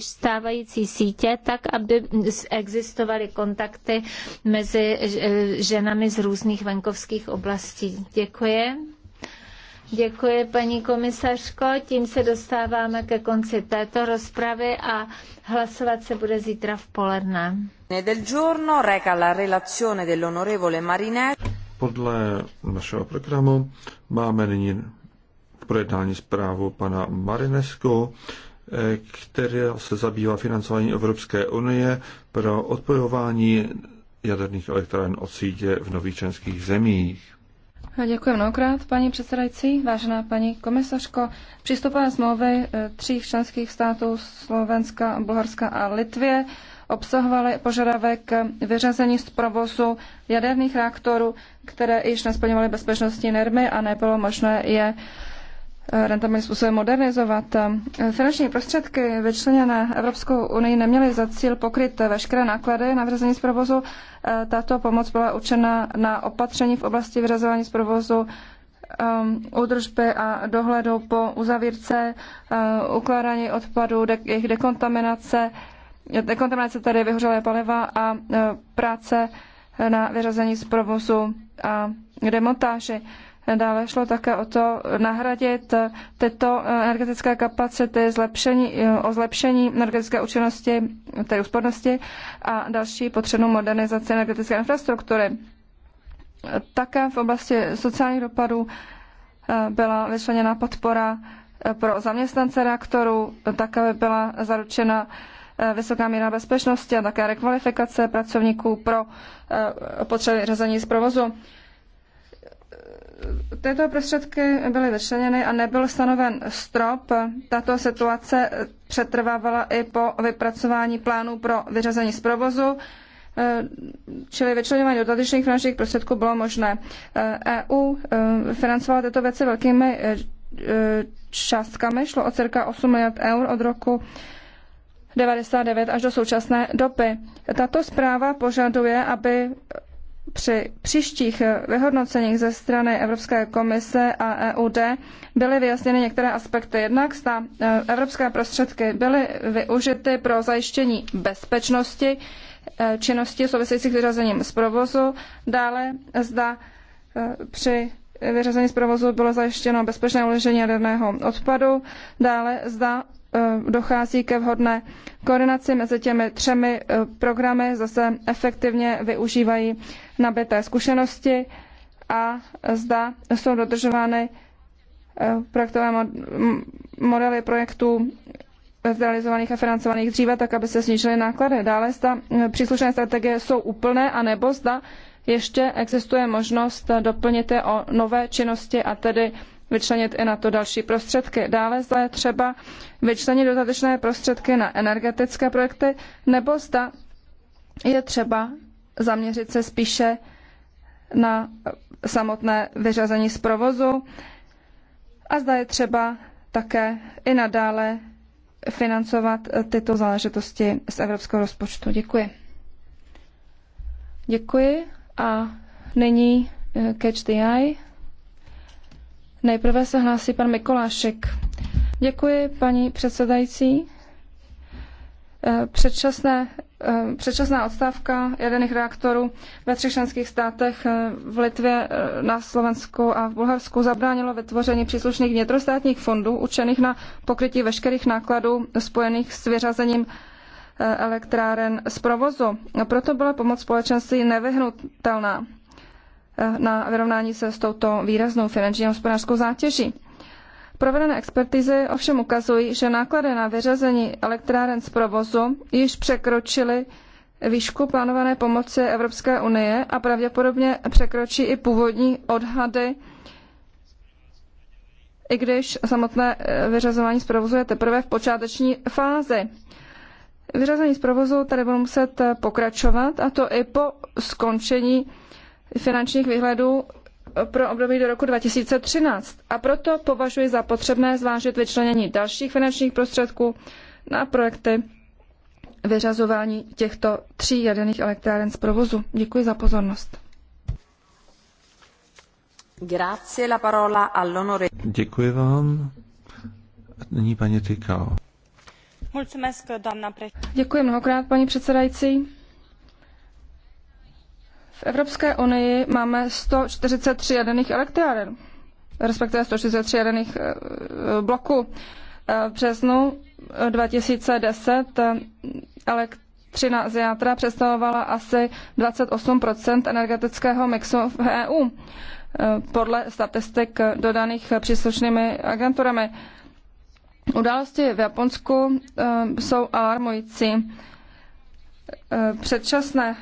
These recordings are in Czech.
stávající sítě, tak aby existovaly kontakty mezi ženami z různých venkovských oblastí. Děkuji. Děkuji, paní komisařko. Tím se dostáváme ke konci této rozpravy a hlasovat se bude zítra v poledne. Podle našeho programu máme nyní projednání zprávu pana Marinesku která se zabývá financování Evropské unie pro odpojování jaderných elektráren od sítě v nových členských zemích. Děkuji mnohokrát, paní předsedající, vážená paní komisařko. Přístupové smlouvy eh, tří členských států Slovenska, Bulharska a Litvě obsahovaly požadavek vyřazení z provozu jaderných reaktorů, které již nesplňovaly bezpečnostní normy a nebylo možné je Eh, rentabilním způsobem modernizovat. Eh, finanční prostředky vyčleněné Evropskou unii neměly za cíl pokryt veškeré náklady na vyřazení z provozu. Eh, tato pomoc byla určena na opatření v oblasti vyřazování z provozu údržby a dohledu po uzavírce, ukládání odpadů, jejich dekontaminace, dekontaminace tedy vyhořelé paliva a práce na vyřazení z provozu a demontáži. Dále šlo také o to nahradit tyto energetické kapacity zlepšení, o zlepšení energetické účinnosti, tedy úspornosti a další potřebnou modernizaci energetické infrastruktury. Také v oblasti sociálních dopadů eh, byla vyčleněna podpora eh, pro zaměstnance reaktorů, také byla zaručena Eh, vysoká míra bezpečnosti a také rekvalifikace pracovníků pro eh, potřeby řazení z provozu. Eh, tyto prostředky byly vyčleněny a nebyl stanoven strop. Tato situace přetrvávala i po vypracování plánu pro vyřazení z provozu čili vyčlenování dodatečných finančních prostředků bylo možné. EU e financovala tyto věci velkými částkami, šlo o cirka 8 miliard eur od roku 99 až do současné doby. Tato zpráva požaduje, aby při příštích vyhodnoceních ze strany Evropské komise a EUD byly vyjasněny některé aspekty. Jednak zda e, evropské prostředky byly využity pro zajištění bezpečnosti e, činnosti souvisejících s vyřazením z provozu, dále zda e, při vyřazení z provozu bylo zajištěno bezpečné uložení jaderného odpadu. Dále zda e, dochází ke vhodné koordinaci mezi těmi třemi e, programy, zase efektivně využívají nabité zkušenosti a zda jsou dodržovány e, projektové modely projektů realizovaných a financovaných dříve, tak aby se snížily náklady. Dále zda příslušné strategie jsou úplné, anebo zda ještě existuje možnost doplnit je o nové činnosti a tedy vyčlenit i na to další prostředky. Dále zda je třeba vyčlenit dodatečné prostředky na energetické projekty, nebo zda je třeba zaměřit se spíše na samotné vyřazení z provozu a zda je třeba také i nadále financovat tyto záležitosti z evropského rozpočtu. Děkuji. Děkuji. A nyní eh, Catch the Eye. Nejprve se hlásí pan Mikolášek. Děkuji, paní předsedající. Eh, předčasné, eh, předčasná odstávka jedených reaktorů ve třech členských státech v Litvě, na Slovensku a v Bulharsku zabránilo vytvoření příslušných vnitrostátních fondů učených na pokrytí veškerých nákladů spojených s vyřazením elektráren z provozu. Proto byla pomoc společenství nevyhnutelná eh, na vyrovnání se s touto výraznou finanční a hospodářskou zátěží. Provedené expertizy ovšem ukazují, že náklady na vyřazení elektráren z provozu již překročily výšku plánované pomoci Evropské unie a pravděpodobně překročí i původní odhady, i když samotné eh, vyřazování z provozu je teprve v počáteční fázi vyřazení z provozu tady budou muset eh, pokračovat, a to i po skončení finančních výhledů eh, pro období do roku 2013. A proto považuji za potřebné zvážit vyčlenění dalších finančních prostředků na projekty vyřazování těchto tří jaderných elektráren z provozu. Děkuji za pozornost. Děkuji vám. Nyní paní Tykao. Děkuji mnohokrát, paní předsedající. V Evropské unii máme 143 jaderných elektráren, respektive 143 jaderných eh, bloků. Eh, v březnu eh, ten elektřina z játra představovala asi 28 energetického mixu v EU, podle statistik dodaných příslušnými agenturami. Události v Japonsku eh, jsou alarmující. Eh, předčasné,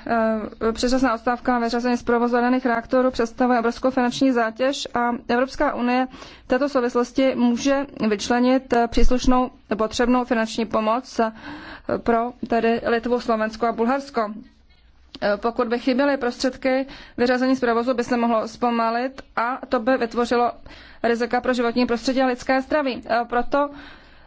eh, předčasná odstávka na vyřazení z provozovaných reaktorů představuje obrovskou finanční zátěž a Evropská unie v této souvislosti může vyčlenit příslušnou potřebnou finanční pomoc pro tedy Litvu, Slovensko a Bulharsko. Pokud by chyběly prostředky, vyřazení z provozu by se mohlo zpomalit a to by vytvořilo rizika pro životní prostředí a lidské zdraví. Proto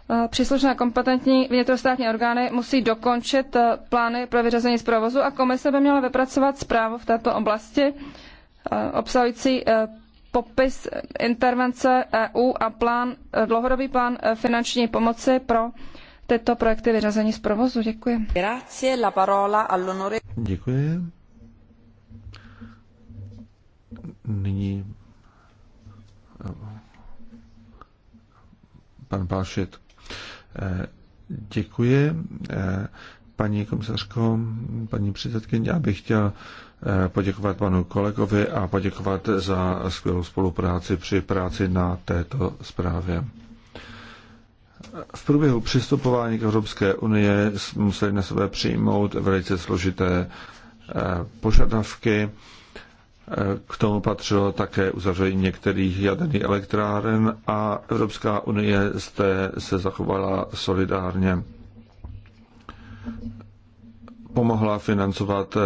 Eh, příslušné kompetentní vnitrostátní orgány musí dokončit eh, plány pro vyřazení z provozu a komise by měla vypracovat zprávu v této oblasti eh, obsahující popis intervence EU a plán, dlouhodobý plán finanční pomoci pro tyto projekty vyřazení z provozu. Děkuji. Děkuji. Nyní pan Palšet Eh, děkuji. Eh, paní komisařko, paní předsedkyně, já bych chtěl eh, poděkovat panu kolegovi a poděkovat za skvělou spolupráci při práci na této zprávě. V průběhu přistupování k Evropské unie museli na sebe přijmout velice složité požadavky k tomu patřilo také uzavření některých jaderných elektráren a Evropská unie zde se zachovala solidárně. Pomohla financovat eh,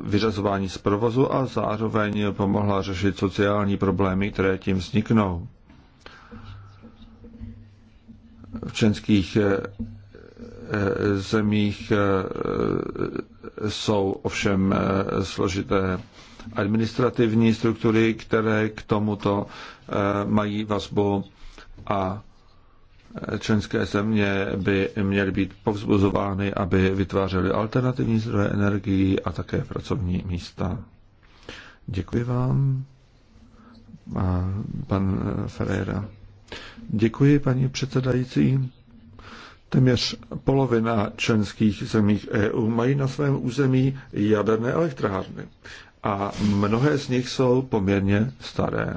vyřazování z provozu a zároveň pomohla řešit sociální problémy, které tím vzniknou. V členských eh, eh, zemích jsou ovšem složité administrativní struktury, které k tomuto eh, mají vazbu a eh, členské země by měly být povzbuzovány, aby vytvářely alternativní zdroje energií a také pracovní místa. Děkuji vám. A pan eh, Ferreira. Děkuji, paní předsedající. Téměř polovina členských zemí EU mají na svém území jaderné elektrárny a mnohé z nich jsou poměrně staré.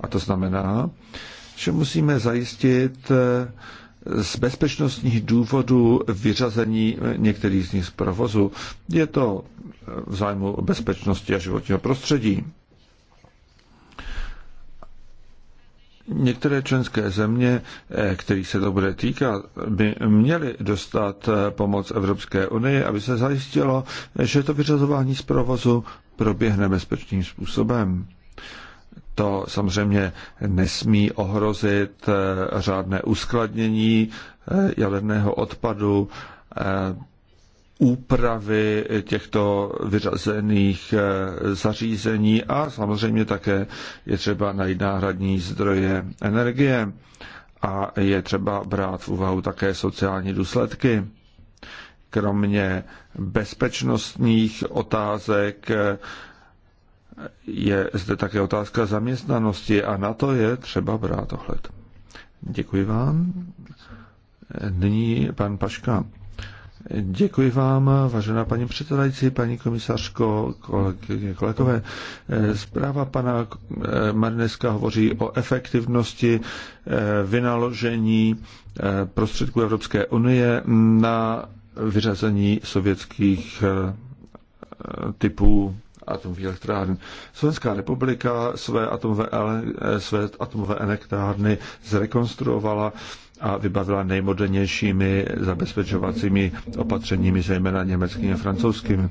A to znamená, že musíme zajistit eh, z bezpečnostních důvodů vyřazení eh, některých z nich z provozu. Je to eh, v zájmu bezpečnosti a životního prostředí. Některé členské země, kterých se to bude týkat, by měly dostat pomoc Evropské unie, aby se zajistilo, že to vyřazování z provozu proběhne bezpečným způsobem. To samozřejmě nesmí ohrozit eh, řádné uskladnění eh, jaderného odpadu, eh, úpravy těchto vyřazených zařízení a samozřejmě také je třeba najít náhradní zdroje energie a je třeba brát v úvahu také sociální důsledky kromě bezpečnostních otázek je zde také otázka zaměstnanosti a na to je třeba brát ohled. Děkuji vám. Nyní pan Paška. Děkuji vám, vážená paní předsedající, paní komisařko, kolegové. Zpráva pana Marineska hovoří o efektivnosti eh, vynaložení eh, prostředků Evropské unie na vyřazení sovětských eh, typů atomových elektráren. Slovenská republika své atomové, eh, své atomové elektrárny zrekonstruovala a vybavila nejmodernějšími zabezpečovacími opatřeními, zejména německými a francouzskými.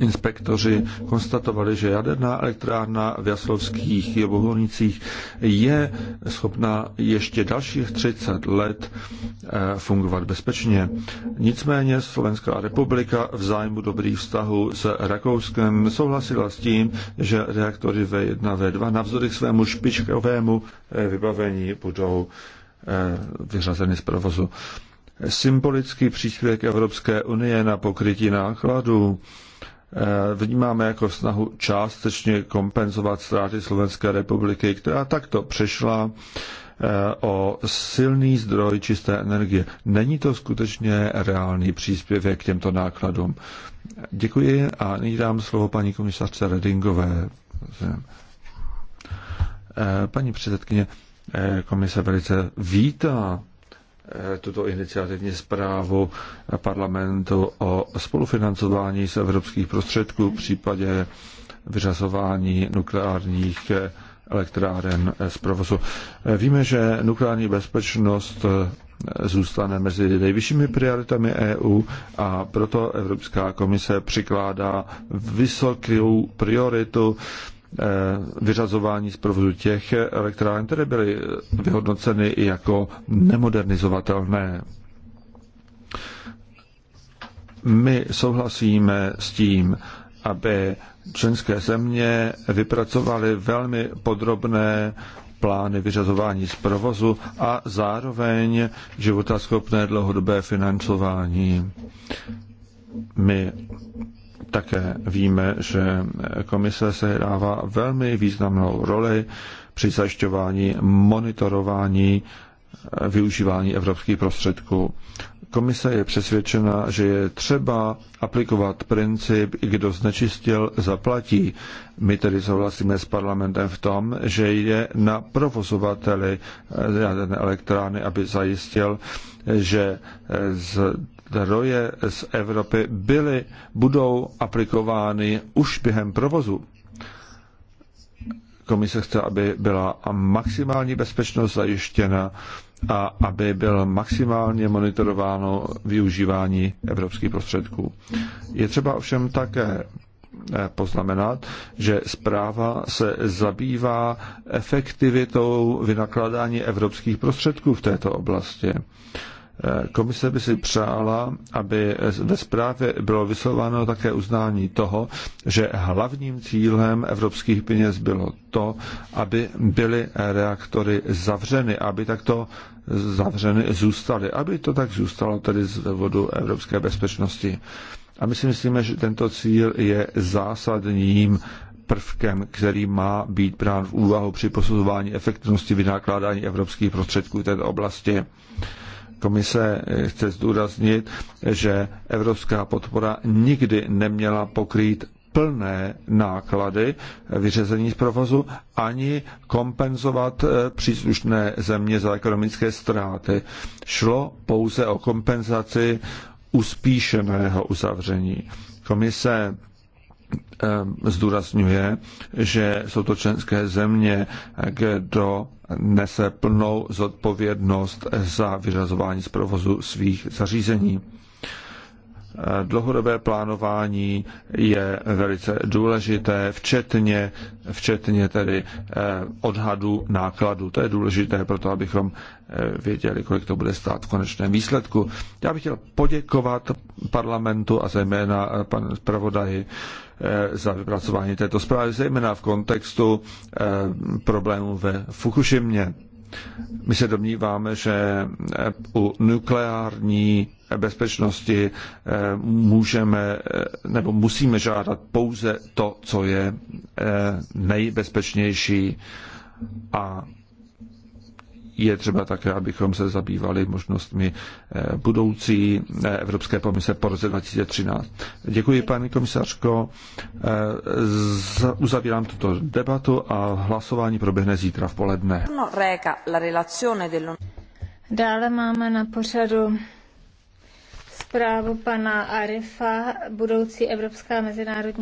Inspektoři konstatovali, že jaderná elektrárna v Jaslovských Jebohornicích je schopna ještě dalších 30 let eh, fungovat bezpečně. Nicméně Slovenská republika v zájmu dobrých vztahů s Rakouskem souhlasila s tím, že reaktory V1 a V2 navzdory svému špičkovému eh, vybavení budou eh, vyřazeny z provozu. Symbolický příspěvek Evropské unie na pokrytí nákladů Eh, vnímáme jako snahu částečně kompenzovat ztráty Slovenské republiky, která takto přešla eh, o silný zdroj čisté energie. Není to skutečně reálný příspěvek k těmto nákladům. Děkuji a nyní dám slovo paní komisařce Redingové. Eh, paní předsedkyně, komise velice vítá Eh, tuto iniciativní zprávu parlamentu o spolufinancování z evropských prostředků v případě vyřazování nukleárních elektráren z provozu. Eh, víme, že nukleární bezpečnost eh, zůstane mezi nejvyššími prioritami EU a proto Evropská komise přikládá vysokou prioritu Eh, vyřazování z provozu těch elektráren, které byly vyhodnoceny jako nemodernizovatelné. My souhlasíme s tím, aby členské země vypracovaly velmi podrobné plány vyřazování z provozu a zároveň životaschopné dlouhodobé financování. My také víme, že komise se sehrává velmi významnou roli při zajišťování monitorování využívání evropských prostředků. Komise je přesvědčena, že je třeba aplikovat princip, kdo znečistil, zaplatí. My tedy souhlasíme s parlamentem v tom, že je na provozovateli jaderné elektrárny, aby zajistil, že z zdroje z Evropy byly, budou aplikovány už během provozu. Komise chce, aby byla maximální bezpečnost zajištěna a aby byl maximálně monitorováno využívání evropských prostředků. Je třeba ovšem také eh, poznamenat, že zpráva se zabývá efektivitou vynakládání evropských prostředků v této oblasti. Komise by si přála, aby ve zprávě bylo vyslováno také uznání toho, že hlavním cílem evropských peněz bylo to, aby byly reaktory zavřeny, aby takto zavřeny zůstaly, aby to tak zůstalo tedy z vodu evropské bezpečnosti. A my si myslíme, že tento cíl je zásadním prvkem, který má být brán v úvahu při posuzování efektivnosti vynakládání evropských prostředků v této oblasti. Komise eh, chce zdůraznit, že evropská podpora nikdy neměla pokrýt plné náklady vyřezení z provozu ani kompenzovat eh, příslušné země za ekonomické ztráty. Šlo pouze o kompenzaci uspíšeného uzavření. Komise Eh, zdůrazňuje, že jsou to členské země, kdo nese plnou zodpovědnost za vyřazování z provozu svých zařízení. Eh, dlouhodobé plánování je velice důležité, včetně, včetně tedy eh, odhadu nákladů. To je důležité pro to, abychom věděli, kolik to bude stát v konečném výsledku. Já bych chtěl poděkovat parlamentu a zejména panu zpravodaji Eh, za vypracování této zprávy, zejména v kontextu eh, problémů ve Fukušimě. My se domníváme, že eh, u nukleární bezpečnosti můžeme nebo musíme žádat pouze to, co je nejbezpečnější a je třeba také, abychom se zabývali možnostmi eh, budoucí eh, Evropské komise po roce 2013. Děkuji, paní komisařko. Eh, uzavírám tuto debatu a hlasování proběhne zítra v poledne. No, Dále máme na pořadu zprávu pana Arifa, budoucí Evropská mezinárodní